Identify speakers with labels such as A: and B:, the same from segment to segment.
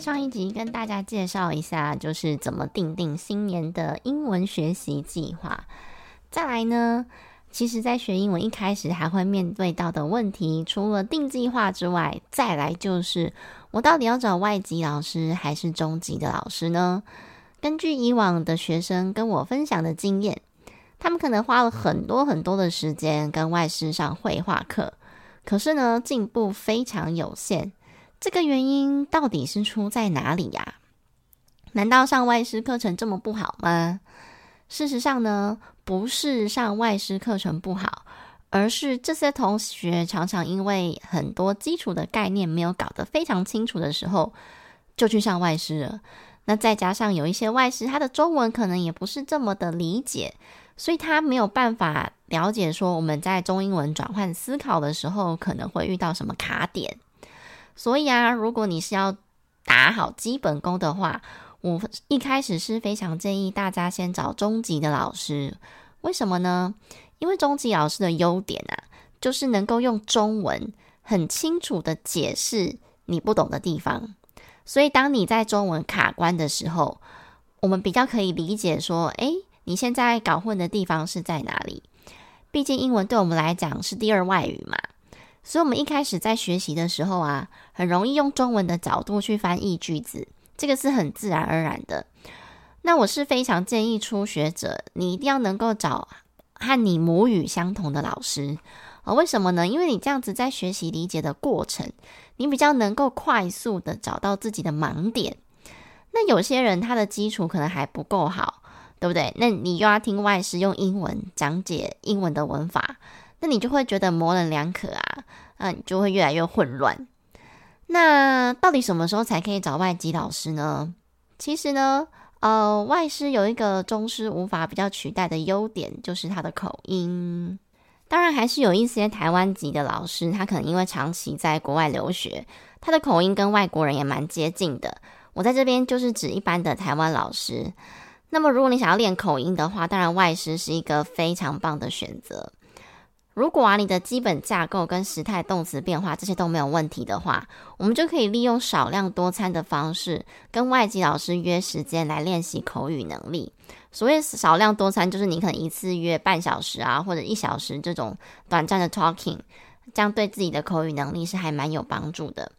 A: 上一集跟大家介紹一下，就是怎麼訂定新年的英文學習計劃。再來呢，其實在學英文一開始還會面對到的問題，除了定計劃之外，再來就是我到底要找外籍老師還是中籍的老師呢？根據以往的學生跟我分享的經驗，他們可能花了很多很多的時間跟外師上繪畫課，可是呢，進步非常有限。這個原因到底是出在哪裡呀、啊？難道上外師課程這麼不好嗎？事實上呢，不是上外師課程不好，而是這些同學常常因為很多基礎的概念沒有搞得非常清楚的時候，就去上外師了。那再加上有一些外師，他的中文可能也不是這麼的理解，所以他沒有辦法了解說我們在中英文轉換思考的時候可能會遇到什麼卡點。所以啊，如果你是要打好基本功的話，我一開始是非常建議大家先找中籍的老師。為什麼呢？因為中籍老師的優點啊，就是能夠用中文很清楚的解釋你不懂的地方。所以，當你在中文卡關的時候，我們比較可以理解說，誒，你現在搞混的地方是在哪裡？畢竟，英文對我們來講是第二外語嘛。所以，我們一開始在學習的時候啊，很容易用中文的角度去翻譯句子，這個是很自然而然的。那我是非常建議初學者，你一定要能夠找和你母語相同的老師啊。哦，為什麼呢？因為你這樣子在學習理解的過程，你比較能夠快速地找到自己的盲點。那有些人他的基礎可能還不夠好，對不對？那你又要聽外師用英文講解英文的文法。那你就會覺得模棱兩可啊，那你就會越來越混亂。那到底什麼時候才可以找外籍老師呢？其實呢，呃，外師有一個中師無法比較取代的優點，就是他的口音。當然，還是有一些台灣籍的老師，他可能因為長期在國外留學，他的口音跟外國人也蠻接近的。我在這邊就是指一般的台灣老師。那麼，如果你想要練口音的話，當然外師是一個非常棒的選擇。如果啊，你的基本架構跟時態動詞變化這些都沒有問題的話，我們就可以利用少量多餐的方式，跟外籍老師約時間來練習口語能力。所謂少量多餐，就是你可能一次約半小時啊，或者一小時這種短暫的 talking，這樣對自己的口語能力是還蠻有幫助的。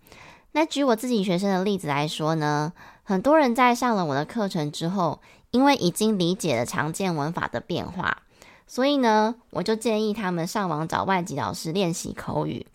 A: 那舉我自己學生的例子來說呢，很多人在上了我的課程之後，因為已經理解了常見文法的變化，所以呢，我就建議他們上網找外籍老師練習口語。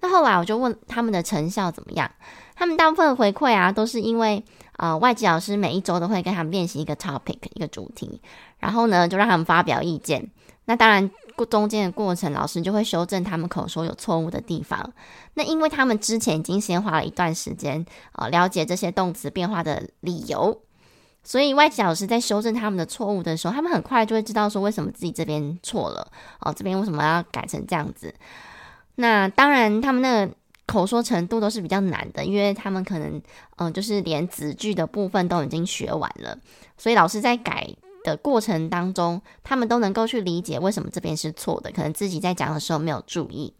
A: 那後來我就問他們的成效怎麼樣，他們大部分回饋啊都是因為，呃，外籍老師每一周都會跟他們練習一個 topic 一個主題，然後呢就讓他們發表意見。那當然過中間的過程，老師就會修正他們口說有錯誤的地方。那因為他們之前已經先花了一段時間啊，呃，了解這些動詞變化的理由。所以外籍老師在修正他們的錯誤的時候，他們很快就會知道說為什麼自己這邊錯了哦，這邊為什麼要改成這樣子？那當然，他們那個口說程度都是比較難的，因為他們可能嗯，就是連子句的部分都已經學完了，所以老師在改的過程當中，他們都能夠去理解為什麼這邊是錯的，可能自己在講的時候沒有注意。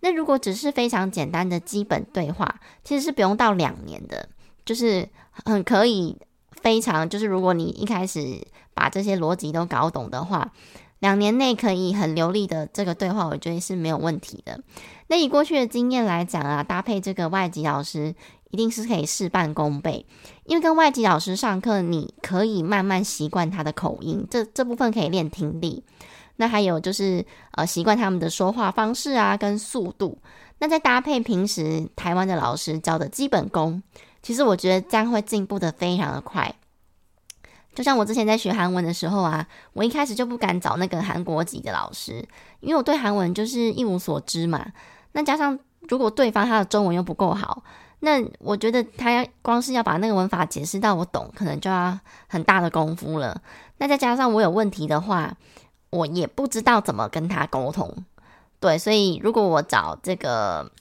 A: 那如果只是非常簡單的基本對話，其實是不用到兩年的，就是很可以。非常就是，如果你一開始把這些邏輯都搞懂的話，兩年內可以很流利的這個對話，我覺得是沒有問題的。那以過去的經驗來講啊，搭配這個外籍老師，一定是可以事半功倍。因為跟外籍老師上課，你可以慢慢習慣他的口音，這這部分可以練聽力。那還有就是呃，習慣他們的說話方式啊，跟速度。那再搭配平時台灣的老師教的基本功。其實我覺得這樣會進步的非常的快，就像我之前在學韓文的時候啊，我一開始就不敢找那個韓國籍的老師，因為我對韓文就是一無所知嘛。那加上如果對方他的中文又不夠好，那我覺得他要，光是要把那個文法解釋到我懂，可能就要很大的功夫了。那再加上我有問題的話，我也不知道怎麼跟他溝通。對，所以如果我找這個，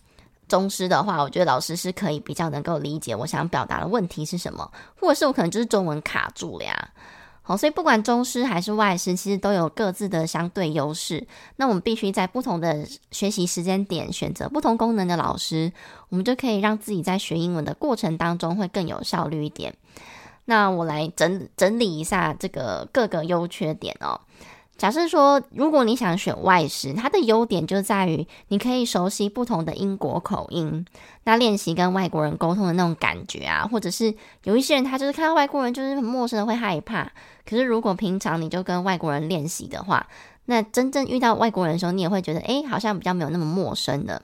A: 中師的話，我覺得老師是可以比較能夠理解我想表達的問題是什麼，或者是我可能就是中文卡住了呀。好，所以不管中師還是外師，其實都有各自的相對優勢。那我們必須在不同的學習時間點選擇不同功能的老師，我們就可以讓自己在學英文的過程當中會更有效率一點。那我來整整理一下這個各個優缺點哦。假設說，如果你想選外師，它的優點就在於你可以熟悉不同的英國口音，那練習跟外國人溝通的那種感覺啊，或者是有一些人他就是看到外國人就是很陌生的會害怕。可是如果平常你就跟外國人練習的話，那真正遇到外國人的時候，你也會覺得誒、欸，好像比較沒有那麼陌生的。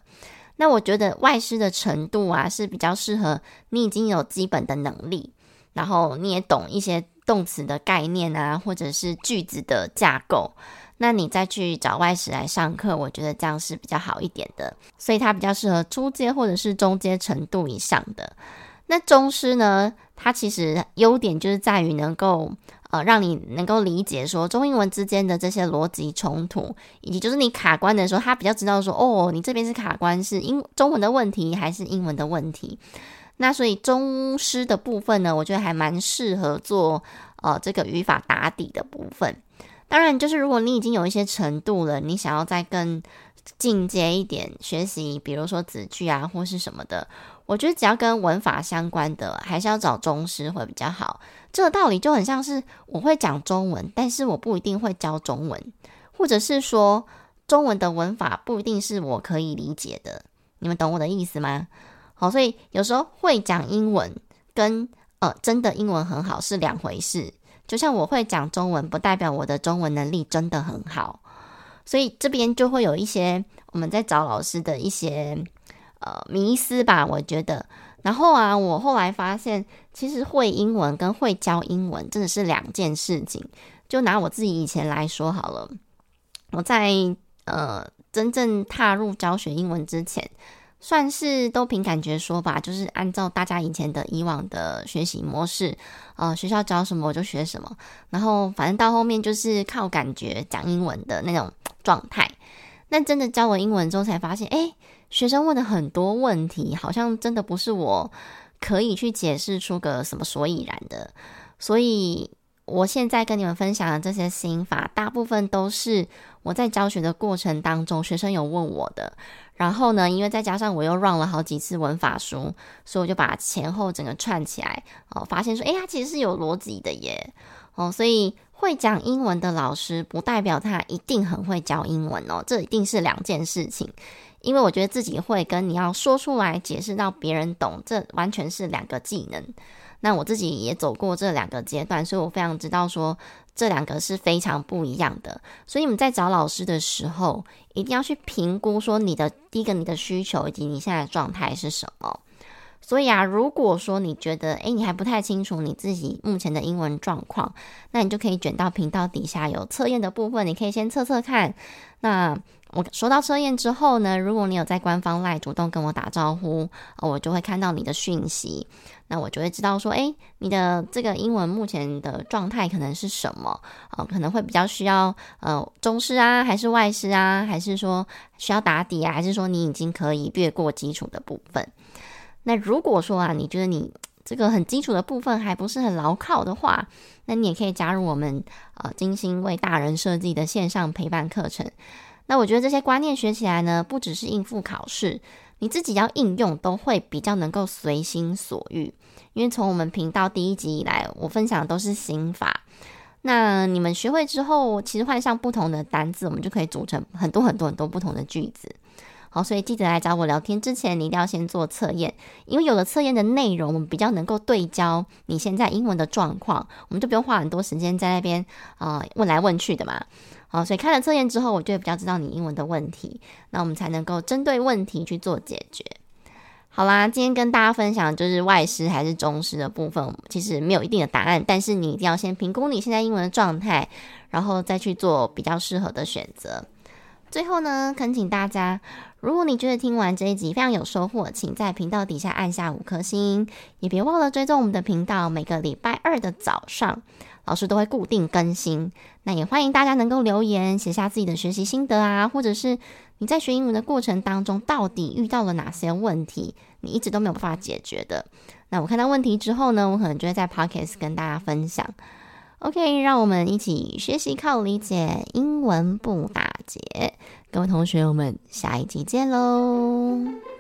A: 那我覺得外師的程度啊是比較適合你已經有基本的能力，然後你也懂一些。動詞的概念啊，或者是句子的架構，那你再去找外師來上課，我覺得這樣是比較好一點的。所以它比較適合初階或者是中階程度以上的。那中師呢，它其實優點就是在於能夠呃讓你能夠理解說中英文之間的這些邏輯衝突，以及就是你卡關的時候，他比較知道說哦，你這邊是卡關是英中文的問題還是英文的問題。那所以中師的部分呢，我覺得還蠻適合做呃這個語法打底的部分。當然，就是如果你已經有一些程度了，你想要再更進階一點學習，比如說子句啊或是什麼的，我覺得只要跟文法相關的，還是要找中師會比較好。這個道理就很像是我會講中文，但是我不一定會教中文，或者是說中文的文法不一定是我可以理解的。你們懂我的意思嗎？哦，所以有時候會講英文跟呃真的英文很好是兩回事，就像我會講中文不代表我的中文能力真的很好，所以這邊就會有一些我們在找老師的一些呃迷思吧，我覺得。然後啊，我後來發現其實會英文跟會教英文真的是兩件事情。就拿我自己以前來說好了，我在呃真正踏入教學英文之前。算是都憑感覺說吧，就是按照大家以前的以往的學習模式，呃，學校教什麼我就學什麼，然後反正到後面就是靠感覺講英文的那種狀態。那真的教完英文之後才發現，誒、欸，學生問的很多問題，好像真的不是我可以去解釋出個什麼所以然的，所以。我現在跟你們分享的這些心法，大部分都是我在教學的過程當中學生有問我的。然後呢，因為再加上我又 run 了好幾次文法書，所以我就把前後整個串起來哦，發現說，哎，它其實是有邏輯的耶哦。所以會講英文的老師，不代表他一定很會教英文哦，這一定是兩件事情。因為我覺得自己會跟你要說出來解釋到別人懂，這完全是兩個技能。那我自己也走過這兩個階段，所以我非常知道說這兩個是非常不一樣的。所以你們在找老師的時候，一定要去評估說你的第一個你的需求以及你現在的狀態是什麼。所以啊，如果說你覺得誒，你還不太清楚你自己目前的英文狀況，那你就可以捲到頻道底下有測驗的部分，你可以先測測看。那我說到測驗之後呢，如果你有在官方 LINE 主動跟我打招呼、啊，我就會看到你的訊息，那我就會知道說，誒，你的這個英文目前的狀態可能是什麼呃、啊，可能會比較需要呃中師啊，還是外師啊，還是說需要打底啊，還是說你已經可以略過基礎的部分？那如果說啊，你覺得你這個很基礎的部分還不是很牢靠的話，那你也可以加入我們呃精心為大人設計的線上陪伴課程。那我覺得這些觀念學起來呢，不只是應付考試，你自己要應用都會比較能夠隨心所欲。因為從我們頻道第一集以來，我分享的都是心法。那你們學會之後，其實換上不同的單字，我們就可以組成很多很多很多不同的句子。好，所以記得來找我聊天之前，你一定要先做測驗，因為有了測驗的內容，我們比較能夠對焦你現在英文的狀況，我們就不用花很多時間在那邊啊、呃、問來問去的嘛。好，所以看了測驗之後，我就會比較知道你英文的問題，那我們才能夠針對問題去做解決。好啦，今天跟大家分享就是外師還是中師的部分，其實沒有一定的答案，但是你一定要先評估你現在英文的狀態，然後再去做比較適合的選擇。最後呢，懇請大家，如果你覺得聽完這一集非常有收穫，請在頻道底下按下五顆星，也別忘了追蹤我們的頻道。每個禮拜二的早上，老師都會固定更新。那也歡迎大家能夠留言，寫下自己的學習心得啊，或者是你在學英文的過程當中到底遇到了哪些問題，你一直都沒有辦法解決的。那我看到問題之後呢，我可能就會在 Podcast 跟大家分享。OK，讓我們一起學習，靠理解英文不難。各位同學，我們下一集見嘍。